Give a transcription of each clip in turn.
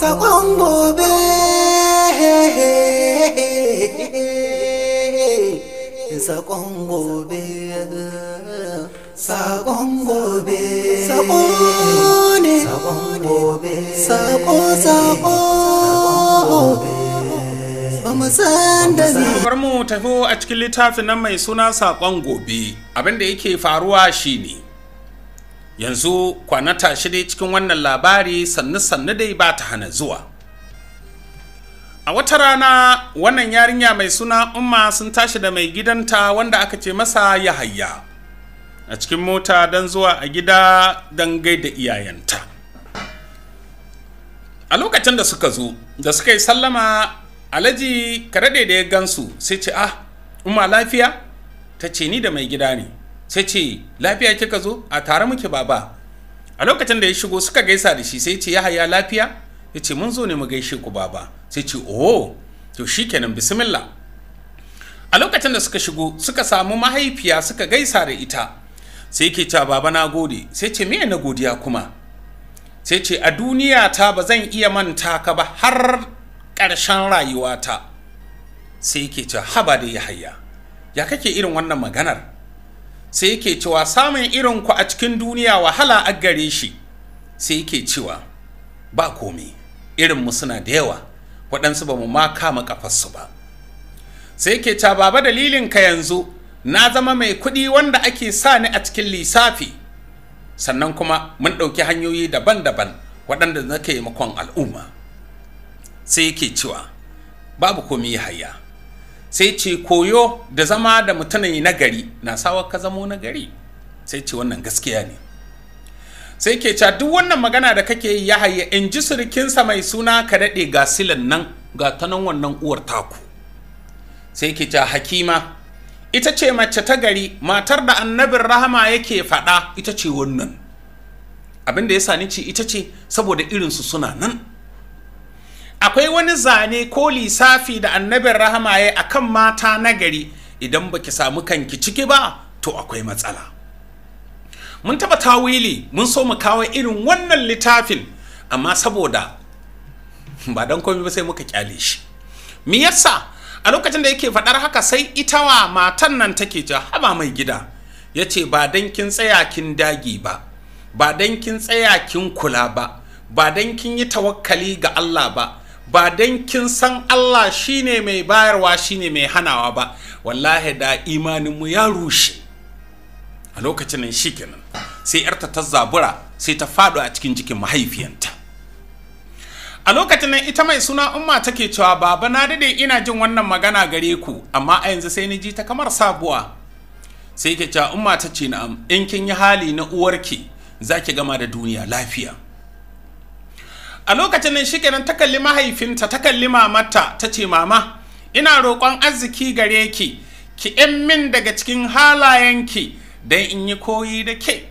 sakon gobe sakon gobe sakon gobe sako gobe sakon gobe Bar mu tafi a cikin littafin nan mai suna saƙon gobe abin da yake faruwa shine yanzu kwana shi dai cikin wannan labari sannu-sannu dai ba ta hana zuwa a wata rana wannan yarinya mai suna umma sun tashi da mai gidanta wanda aka ce masa ya hayya a cikin mota don zuwa a gida don da iyayenta a lokacin da suka zo da suka yi sallama alhaji karade da ya gansu sai ce ah umma lafiya ta ce ni da mai gida ne sai ce lafiya kika zo a tare muke baba a lokacin da ya shigo suka gaisa da shi sai ce ya haya lafiya ya ce mun zo ne mu gaishe ku baba sai ce oh to kenan bismillah a lokacin da suka shigo suka samu mahaifiya suka gaisa da ita sai ke cewa baba na gode sai ce me na godiya kuma sai ce a duniya ta ba zan iya manta ka ba har ƙarshen rayuwata sai ke cewa haba da haya. ya kake irin wannan maganar sai yake cewa samun irin ku a cikin duniya wahala a gare shi sai yake cewa ba komi irin mu suna da yawa waɗansu ba mu ma kama kafarsu ba sai yake cewa baba dalilin ka yanzu na zama mai kuɗi wanda ake sa ni a cikin lissafi sannan kuma mun ɗauki hanyoyi daban-daban waɗanda na makon al'umma sai yake cewa babu komi haya sai ce koyo da zama da mutane na gari na sawa ka zamo nagari. sai ce wannan gaskiya ne sai ke ca duk wannan magana da kake yi ya haye in ji surikinsa mai suna ka daɗe ga silan nan ga ta wannan uwar taku sai ke ca hakima ita ce mace ta gari matar da annabin rahama yake faɗa ita ce wannan abin ya sani ce ita ce saboda irinsu suna nan akwai wani zane ko lissafi da annabin rahama ya akan mata nagari idan baki samu kanki ciki ba to akwai matsala mun taba tawili mun so mu kawo irin wannan littafin amma saboda ba dan komai ba sai muka kyale shi me yasa a lokacin da yake faɗar haka sai ita wa matan nan take ja haba mai gida ya ce ba dan kin tsaya kin dagi ba ba dan kin tsaya kin kula ba ba dan kin yi tawakkali ga Allah ba ba dan kin san Allah shine mai bayarwa shine mai hanawa ba wallahi da imaninmu ya rushe a lokacin nan shi kenan sai yarta ta zabura sai ta fado a cikin jikin mahaifiyanta a lokacin nan ita mai suna umma take cewa baba na dade ina jin wannan magana gare ku amma a yanzu sai ni ji ta kamar sabuwa sai ke cewa umma ta ce na'am in kin yi hali na uwarki zaki gama da duniya lafiya a lokacin nan shikenan ta kalli mahaifinta ta kalli mamata ta ce mama ina roƙon arziki gare ki ki ‘yan min daga cikin halayenki don in yi koyi da ke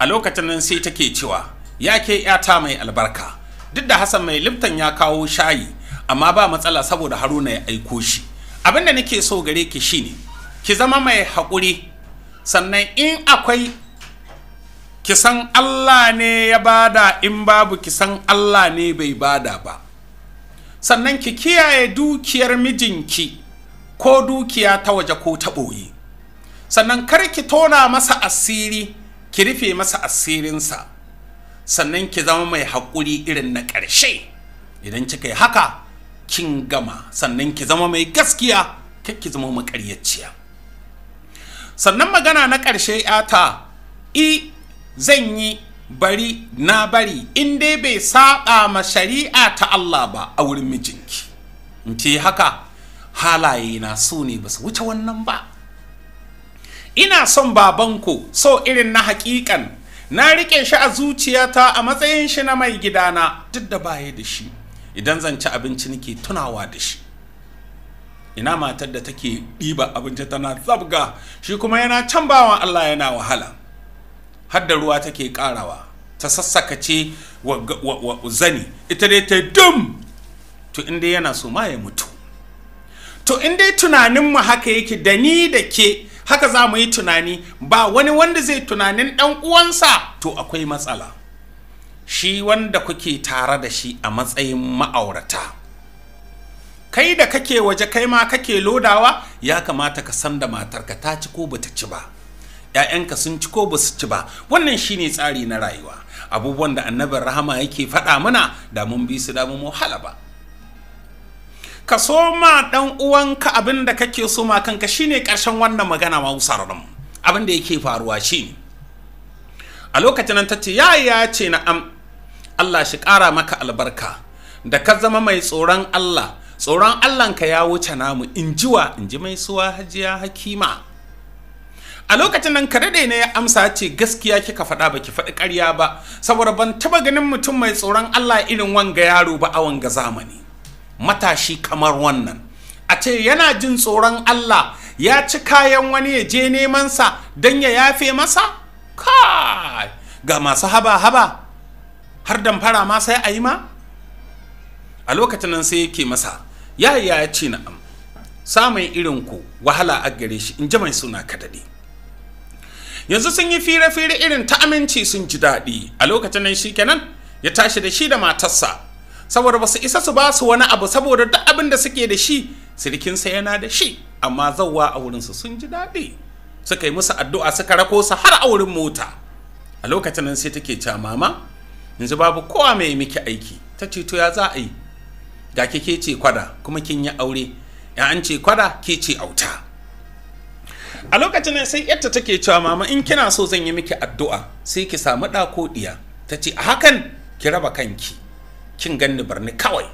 a lokacin nan sai take cewa ya ke ‘yata mai albarka duk da hassan mai liftan ya kawo shayi amma ba matsala saboda haruna ya aiko shi abin da nake so gare ki shine ki zama mai haƙuri sannan in akwai kisan Allah ne ya bada in babu kisan Allah ne bai bada ba sannan ki kiyaye dukiyar mijinki ko dukiya ta waje ko ta ɓoye sannan kar ki tona masa asiri ki rufe masa asirinsa sannan ki zama mai haƙuri irin na ƙarshe idan kika yi haka kin gama sannan ki zama mai gaskiya kar ki zama maƙaryaciya sannan magana na ƙarshe yata i zan yi bari na bari in dai bai saba ma shari'a ta Allah ba a wurin mijinki in ce haka halaye na so ne ba su wuce wannan ba ina son babanku so irin na hakikan na riƙe shi a zuciyata a matsayin shi na mai gidana duk da baya da shi idan zan ci abinci nake tunawa da shi ina matar da take ɗiba abinci tana zabga shi kuma yana can bawan Allah yana wahala har da ruwa take karawa ta sassaka ce wa zani ita dai ta dum to inda yana so ma ya mutu to in dai mu haka yake da ni da ke haka za mu yi tunani ba wani wanda zai tunanin ɗan uwansa to akwai matsala shi wanda kuke tare da shi a matsayin ma'aurata kai da kake waje kai ma kake lodawa ya kamata ka san da matarka ta ci ko bata ci ba 'ya'yanka sun ci ko ba su ci ba wannan shine tsari na rayuwa abubuwan da annabin rahama yake faɗa mana da mun bi su da mu ba ka so ma dan uwanka abin da kake so ma kanka shine ƙarshen wannan magana ma usararin abin da yake faruwa shine a lokacin nan tace ya ya ce na am Allah shi ƙara maka albarka da ka zama mai tsoron Allah tsoron Allahnka ya wuce namu injiwa inji in mai suwa hajiya hakima a lokacin nan kare ne ya amsa ce gaskiya kika faɗa baki faɗi ƙarya ba saboda ban taɓa ganin mutum mai tsoron Allah irin wanga yaro ba a wanga zamani matashi kamar wannan a ce yana jin tsoron Allah ya ci kayan wani ya je neman sa don ya yafe masa kai ga masu haba haba har damfara ma sai a yi ma a lokacin nan sai yake masa yaya ya ce na'am samun irin ku wahala a gare shi in ji mai suna kadade yanzu sun yi fira-fira irin ta aminci sun ji daɗi a lokacin nan shikenan ya tashi da shi da matarsa saboda ba su isa su ba su wani abu saboda duk abin da suke da shi sirikinsa yana da shi amma zauwa a wurinsu sun ji daɗi suka yi musu addu'a suka rako su har a wurin mota a lokacin nan sai take cewa mama yanzu babu kowa mai miki aiki ta ce to ya za a yi ga ke ce kwada kuma kin yi aure ya an ce kwada ke ce auta a lokacin nan sai yadda take cewa mama in kina so zan yi miki addu'a sai ki samu ɗa ko ɗiya ta ce a hakan ki raba kanki kin ganni barni kawai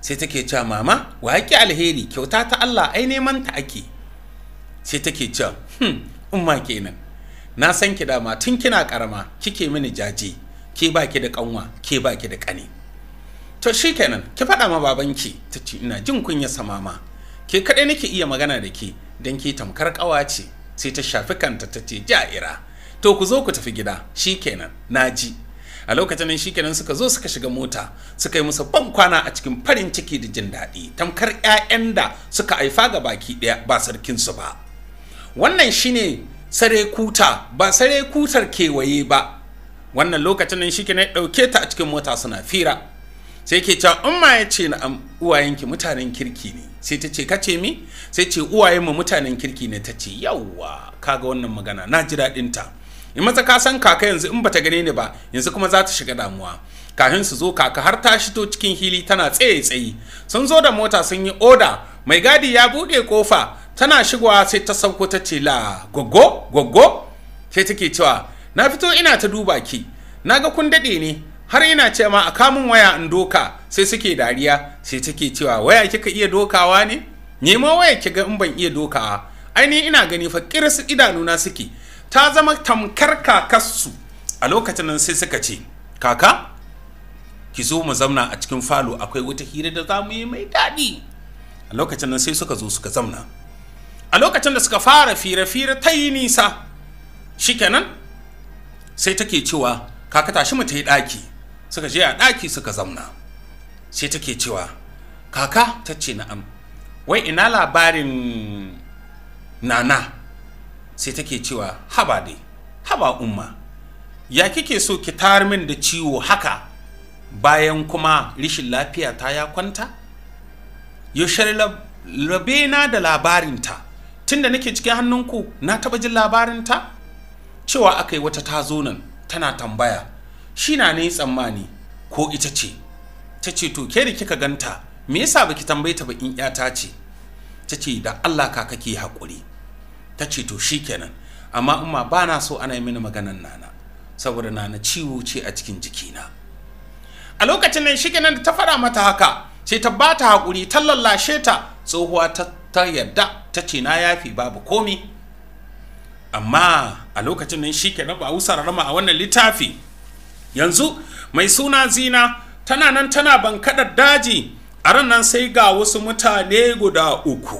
sai take cewa mama wa haƙi alheri kyauta ta Allah ai neman ta ake sai take cewa hmm umma kenan na san ki dama tun kina karama kike mini jaje ke baki da kanwa ke baki da kane to kenan ki faɗa ma babanki ta ce ina jin kunya mama ke kaɗai nake iya magana da ke don ki tamkar ƙawa ce sai ta shafi kanta ta ce ja'ira to ku zo ku tafi gida shikenan naji a lokacin nan shikenan suka zo suka shiga mota suka yi musa ban kwana a cikin farin ciki da jin daɗi tamkar 'ya'yan da suka haifa ga baki ɗaya ba sarkinsu ba wannan shine sare kuta ba sare kutar kewaye ba wannan lokacin nan shikenan ɗauke ta a cikin mota suna fira sai ke cewa in ma ya ce na'am uwayenki mutanen kirki ne sai ta ce kace mi sai ce uwayen mu mutanen kirki ne ta ce yawwa kaga wannan magana na ji daɗin ta in mata ka san kaka yanzu in bata gane ni ba yanzu kuma za ta shiga damuwa kafin su zo kaka har ta shito cikin hili tana tsaye tsaye sun zo da mota sun yi oda mai gadi ya buɗe kofa tana shigowa sai ta sauko ta ce la goggo goggo sai take cewa na fito ina ta duba ki na ga kun daɗe ne har ina ce ma a kamun waya in doka sai suke dariya sai take cewa waya kika iya dokawa ne nemo waya ki ga in ban iya dokawa aini ina gani fa su idanuna suke ta zama tamkar kakassu a lokacin nan sai suka ce kaka ki zo mu zamna a cikin falo akwai wata hira da za yi mai daɗi a lokacin nan sai suka zo suka zamna a lokacin da suka fara fira-fira ta yi nisa shikenan sai take cewa kaka tashi mu ta yi ɗaki suka je a ɗaki suka zauna sai take cewa kaka ta ce na'am wai ina labarin nana sai take cewa haba dai haba umma ya kike so ki tayar min da ciwo haka bayan kuma rishin lafiya ta ya kwanta yaushe rabena na da labarinta tunda nake cikin hannunku na taɓa jin labarinta cewa aka yi wata tazo nan tana tambaya shi na ne tsammani ko ita ce ta ce to ke da kika ganta me yasa baki tambayi ta ba in yata ce ta ce da Allah ka kake haƙuri ta ce to shikenan amma umma ba na so ana yi mini maganan nana saboda nana ciwo ce a cikin jikina a lokacin nan shikenan da ta faɗa mata haka sai ta ba ta haƙuri ta lallashe ta tsohuwa ta ta yarda ta ce na yafi babu komi amma a lokacin nan shikenan ba a rama a wannan littafi yanzu mai suna zina tana nan tana bankaɗar daji a ran nan sai ga wasu mutane guda uku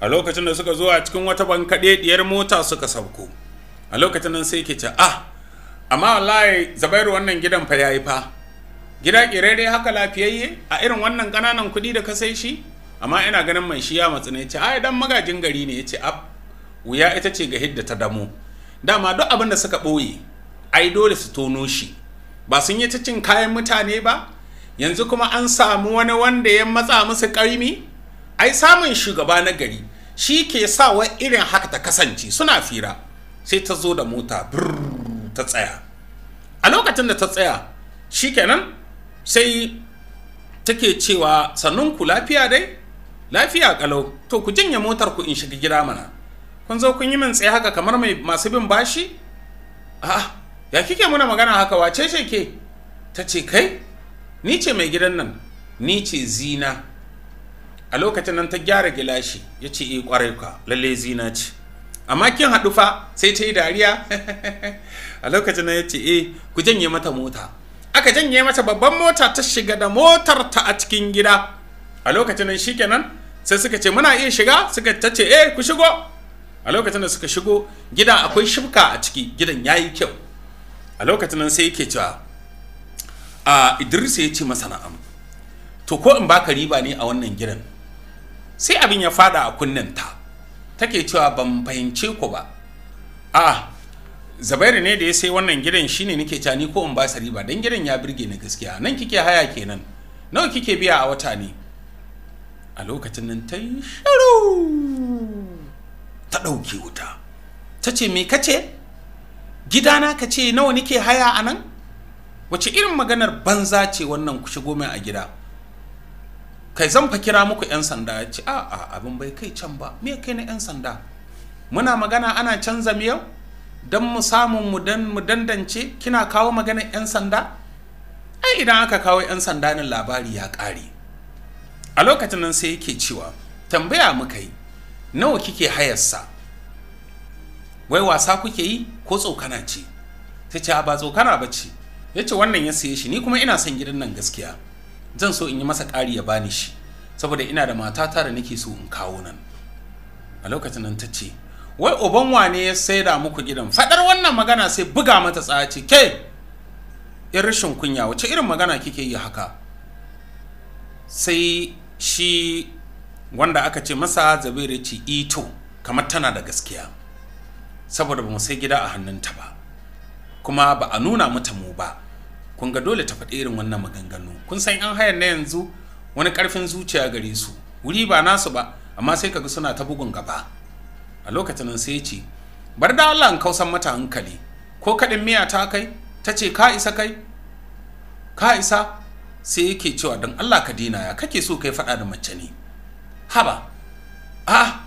a lokacin da suka zo a cikin wata bankade diyar mota suka sauko a lokacin nan sai ke ce ah amma wallahi zabairu wannan gidan fa yayi fa gida kirere haka lafiyayye a irin wannan ƙananan kuɗi da ka sai shi amma ina ganin mai shi ya matsi ne ce ai dan magajin gari ne ya ce ab wuya ita ce ga hidda ta damu dama duk abin da suka ɓoye ai dole su tono shi ba sun yi ta cin kayan mutane ba yanzu kuma an samu wani wanda ya matsa musu ƙarmi ai samun shugaba na gari shi ke sa irin haka ta kasance suna fira sai ta zo da mota ta tsaya a lokacin da ta tsaya shi kenan sai take cewa sannun ku lafiya dai lafiya kalau to ku janye motar ku in shiga gida mana kun zo kun yi min tsaye haka kamar mai masu bin bashi a'a ya kike muna magana haka wace ce ke ta ce kai ni ce mai gidan nan ni ce zina a lokacin nan ta gyara gilashi ya ce e eh, kwarai ka lalle zina ce amma kin haɗu fa sai ta yi dariya a lokacin nan ya ce e ku janye mata mota aka janye mata babban mota ta shiga da motar ta a cikin gida a lokacin nan shikenan sai suka ce muna iya shiga suka ta ce eh ku shigo a lokacin da suka shigo gida akwai shibka a ciki gidan yayi kyau a lokacin nan sai yake cewa a idris ya ce masa na'am to ko in baka riba ne a wannan gidan sai abin ya fada a kunnen ta take cewa ban fahimce ku ba a zabairu ne da ya sai wannan gidan shine nake cewa ni ko in ba sa riba dan gidan ya birge ni gaskiya nan kike haya kenan nawa kike biya a wata ne a lokacin nan ta yi shiru ta ɗauke wuta ta ce me kace gidana ka ce nawa nike haya a nan wace irin maganar banza ce wannan ku shigo min a gida kai zan fa kira muku 'yan sanda ya ce a'a abin bai kai can ba me kai na 'yan sanda muna magana ana canza miya don mu samun mu dan mu dandance kina kawo magana 'yan sanda ai idan aka kawo 'yan sanda nan labari ya kare a lokacin nan sai yake cewa tambaya muka yi nawa kike hayarsa wai wasa kuke yi ko tsokana ce ta ce ba tsokana ba ce ya ce wannan ya saye shi ni kuma ina son gidan nan gaskiya zan so in yi masa ƙari ya bani shi saboda ina da matata da nake so in kawo nan a lokacin nan ta ce wai uban wane ya da muku gidan faɗar wannan magana sai buga mata ce ke in rashin kunya wace irin magana kike yi haka sai shi wanda aka ce masa zabiru ce ito kamar tana da gaskiya saboda ba mu sai gida a hannunta ba kuma ba a nuna mata mu ba kun ga dole ta faɗi irin wannan maganganu kun san an hayar na yanzu wani ƙarfin zuciya gare su wuri ba nasu ba amma sai kaga suna ta bugun gaba a lokacin nan sai ce bar da Allah in kausan mata hankali ko kaɗin miya ta kai ta ce ka isa kai ka isa sai yake cewa don Allah ka dina ya kake so kai faɗa da mace ne haba ah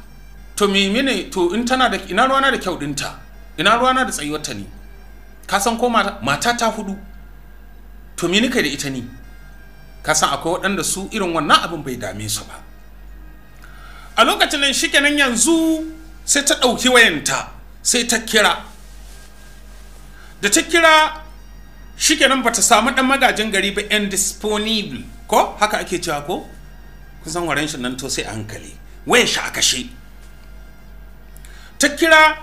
to menene to in tana da ina ruwana da kyau dinta ina ruwana da tsayuwarta ne ka san ko mata ta hudu to me nika da ita ne ka san akwai waɗanda su irin wannan abin bai dame su ba a lokacin nan shikenan yanzu sai ta ɗauki wayanta sai ta kira da ta kira shikenan bata samu ɗan magajin gari ba indisponible ko haka ake cewa ko kun san waren shi nan to sai a hankali wayan shi a kashe ta kira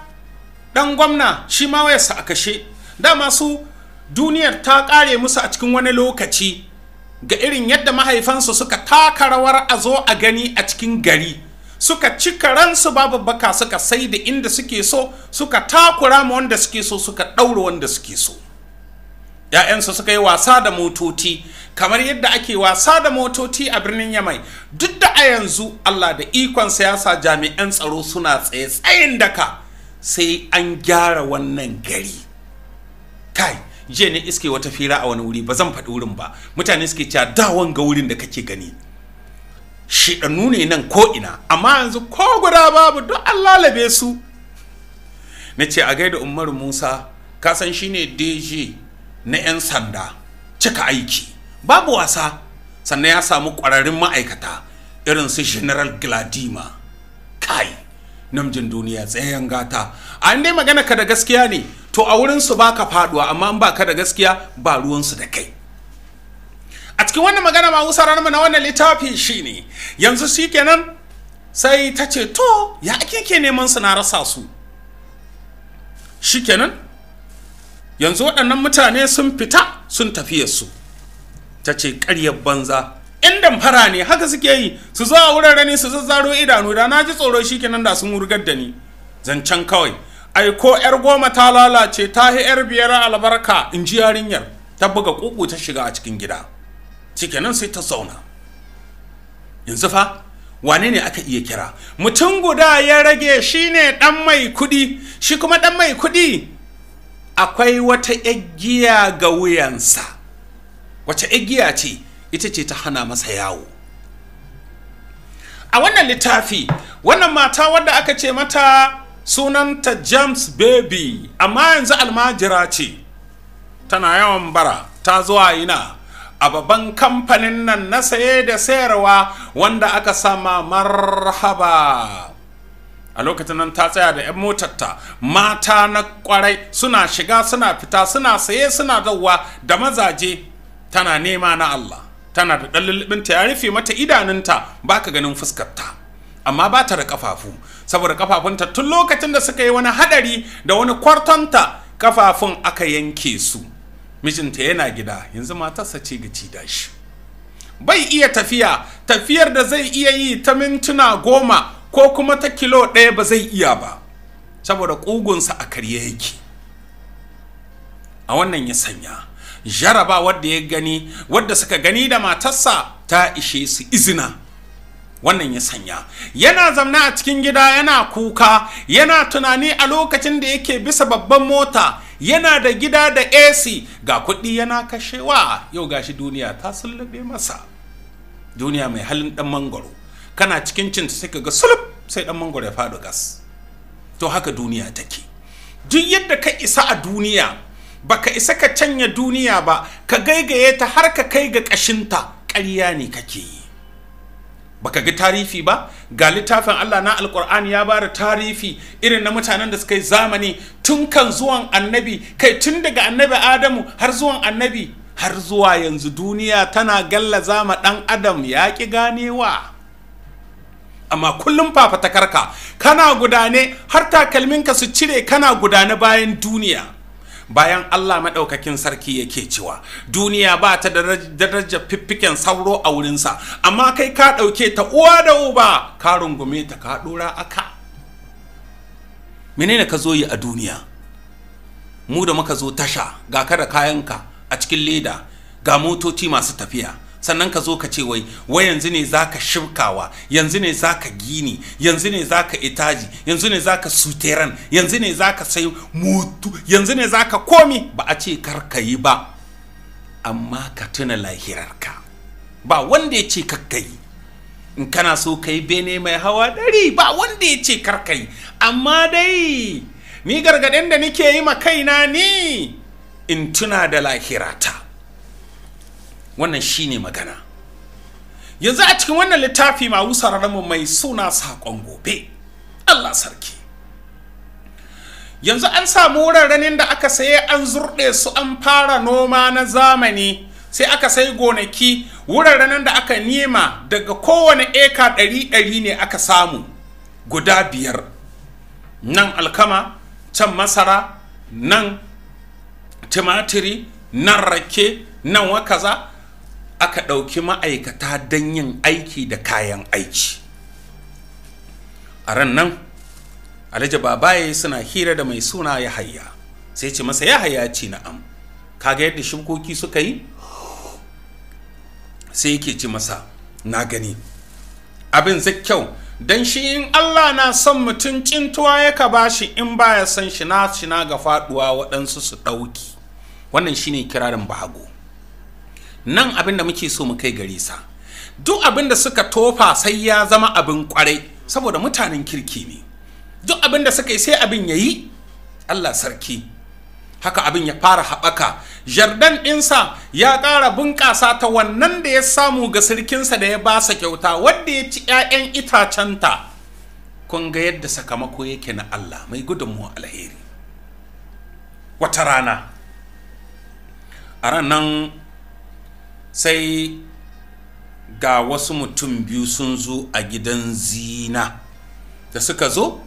dan gwamna shi ma wayarsa a kashe dama su duniyar ta kare musu a cikin wani lokaci ga irin yadda mahaifansu suka taka rawar a zo a gani a cikin gari suka cika ransu babu baka suka sai da inda suke so suka takura ma wanda suke so suka ɗaura wanda suke so 'ya'yansu suka yi wasa da motoci kamar yadda ake wasa da motoci a birnin yamai duk da a yanzu allah da ikon siyasa jami'an tsaro suna tsaye tsayin daka sai an gyara wannan gari kai jiya ne iske wata fira a wani wuri ba zan faɗi wurin ba mutane suke cewa dawon ga wurin da kake gani shi ne nan ko ina amma yanzu ko guda babu duk an lalabe su na ce a gaida umaru musa kasan shine dj na 'yan sanda cika aiki babu wasa sannan ya samu ƙwararrun ma'aikata irin su general gladima kai namjin duniya tsayen gata a inda magana ka da gaskiya ne to a wurin su baka faduwa amma ba ka da gaskiya ba ruwansu da kai a cikin wannan magana ma wusarar ranar na wannan littafi ne yanzu shi kenan sai ta ce to ya ake ke neman su na rasa su shi kenan yanzu waɗannan mutane sun fita sun su. ta ce ƙaryar banza yan damfara ne haka suke yi su zo a wurare ne su zazzaro idanu da na ji tsoro shi kenan da sun wurgar da ni zancen kawai ai ko yar goma ta lalace ta yi yar biyar albarka in ji yarinyar ta buga kuku ta shiga a cikin gida nan sai ta zauna yanzu fa wane ne aka iya kira mutum guda ya rage shine ɗan mai kuɗi. shi kuma ɗan mai kuɗi? akwai wata igiya ga wuyansa wace igiya ce ita ce ta hana masa yawo a wannan littafi wannan mata wadda aka ce mata sunanta james baby amma yanzu almajira ce tana yawan bara ta zuwa ina a babban kamfanin nan na saye da sayarwa wanda aka sama marhaba a lokacin nan ta tsaya da 'yan motarta mata na kwarai suna shiga suna fita suna saye suna zauwa da mazaje tana nema na Allah tana da ɗan ya rufe mata idanunta ba ka ganin fuskarta amma ba ta da kafafu saboda kafafunta tun lokacin da suka yi wani hadari da wani kwartonta kafafun aka yanke su mijinta yana gida yanzu matarsa ce gaci da shi bai iya tafiya tafiyar da zai iya yi ta mintuna goma ko kuma ta kilo ɗaya ba zai iya ba saboda ƙugunsa a karye yake a wannan ya sanya jaraba wadda ya gani wadda suka gani da matarsa ta ishe su izina wannan ya sanya yana zamna a cikin gida yana kuka yana tunani a lokacin da yake bisa babban mota yana da gida da ac ga kuɗi yana kashewa yau gashi duniya ta sullube masa duniya mai halin ɗan mangoro kana cikin cin sai ka ga sulub sai dan mangoro ya faɗo gas to haka duniya take duk yadda ka isa a duniya baka isa ka canya duniya ba ka gaigaye ta har ka kai ga ta ƙarya ne kake yi baka ga tarifi ba ga littafin Allah na alkur'ani ya bada tarifi irin na mutanen da suka yi zamani tun kan zuwan annabi kai tun daga annabi adamu har zuwan annabi har zuwa yanzu duniya tana gallaza ma dan adam ya ki ganewa amma kullum fafatakarka kana gudane har takalmin ka su cire kana gudane bayan duniya bayan Allah maɗaukakin sarki yake cewa duniya ba ta darajar fiffiken sauro a wurin sa amma kai ka ɗauke ta uwa da uba ka rungume ta ka ɗora aka menene ka zo yi a duniya mu da muka zo tasha ga ka da kayanka a cikin leda ga motoci masu tafiya sannan ka zo ka ce wai wai yanzu ne zaka shibkawa yanzu ne zaka gini yanzu ne zaka itaji yanzu ne zaka suteran yanzu ne zaka sai mutu yanzu ne zaka komi ba a ce kar ka yi ba amma ka tuna lahirarka ba wanda ya ce yi in kana so ka yi bene mai hawa dari ba wanda ya ce yi. amma dai ni gargaɗin da nike yi ma kaina ni in tuna da lahirata wannan shine magana yanzu a cikin wannan littafi ma mu mai suna saƙon gobe allah sarki yanzu an samu wuraren da aka saye an zurɗe su an fara noma na zamani sai aka sai gonaki wuraren da aka nema daga kowane eka ɗari ɗari ne aka samu guda biyar nan alkama can masara nan timatiri nan rake nan wakaza aka ɗauki ma'aikata don yin aiki da kayan aiki a ran nan alhaji babaye suna hira da mai suna ya haya sai ce masa ya hayya ci am kaga yadda shukoki suka yi sai yake ci masa na gani abin zai kyau don shi in allah na son mutum cintuwa yaka ba shi in baya son shi na shi na ga faduwa waɗansu su ɗauki wannan shine kirarin bahago nan abin da muke so mu kai gare sa duk abin da suka tofa sai ya zama abin kwarai saboda mutanen kirki ne duk abin da suka yi sai abin ya yi allah sarki haka abin ya fara haɓaka jardan ɗinsa ya kara bunƙasa ta wannan da ya samu ga sirkinsa da ya ba sa kyauta wanda ya ci 'ya'yan itacenta kun ga yadda sakamako yake na allah mai gudunmuwa alheri wata rana a ranar sai ga wasu mutum biyu sun zo a gidan zina da suka zo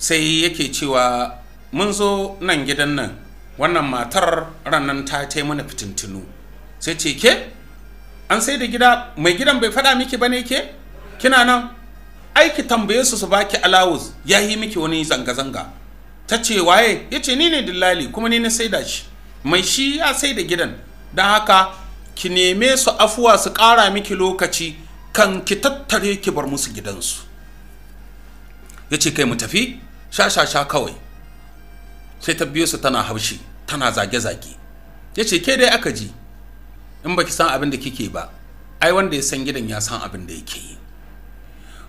sai yake cewa mun zo nan gidan nan wannan matar ranar ta ta mana fitintinu sai ce ke an sai da gida mai gidan bai faɗa miki ba ne ke kina nan aiki tambaye su su baki alawus ya yi miki wani zanga-zanga ta ce waye ya ce ni ne dillali kuma ni na sai da shi mai shi ya sai da gidan don haka ki neme su afuwa su ƙara miki lokaci kan ki tattare ki bar musu gidansu ya ce kai mu tafi sha-sha-sha kawai sai ta biyo su tana haushi tana zage-zage ya ce ke dai aka ji in baki san abin da kike ba ai wanda ya san gidan ya san abin da yake yi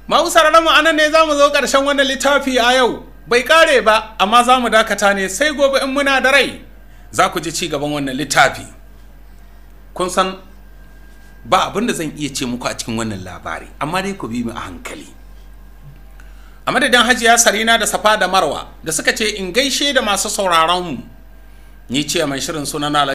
mu anan ne za mu zo ƙarshen wannan littafi a yau bai kare ba amma za mu dakata ne sai gobe in muna da rai za ku ji ci gaban wannan littafi kun san ba abin da zan iya ce muku a cikin wannan labari amma dai ku bi mu a hankali a madadin hajiya sarina da safa da marwa da suka ce in gaishe da masu sauraron mu ni ce mai shirin sunana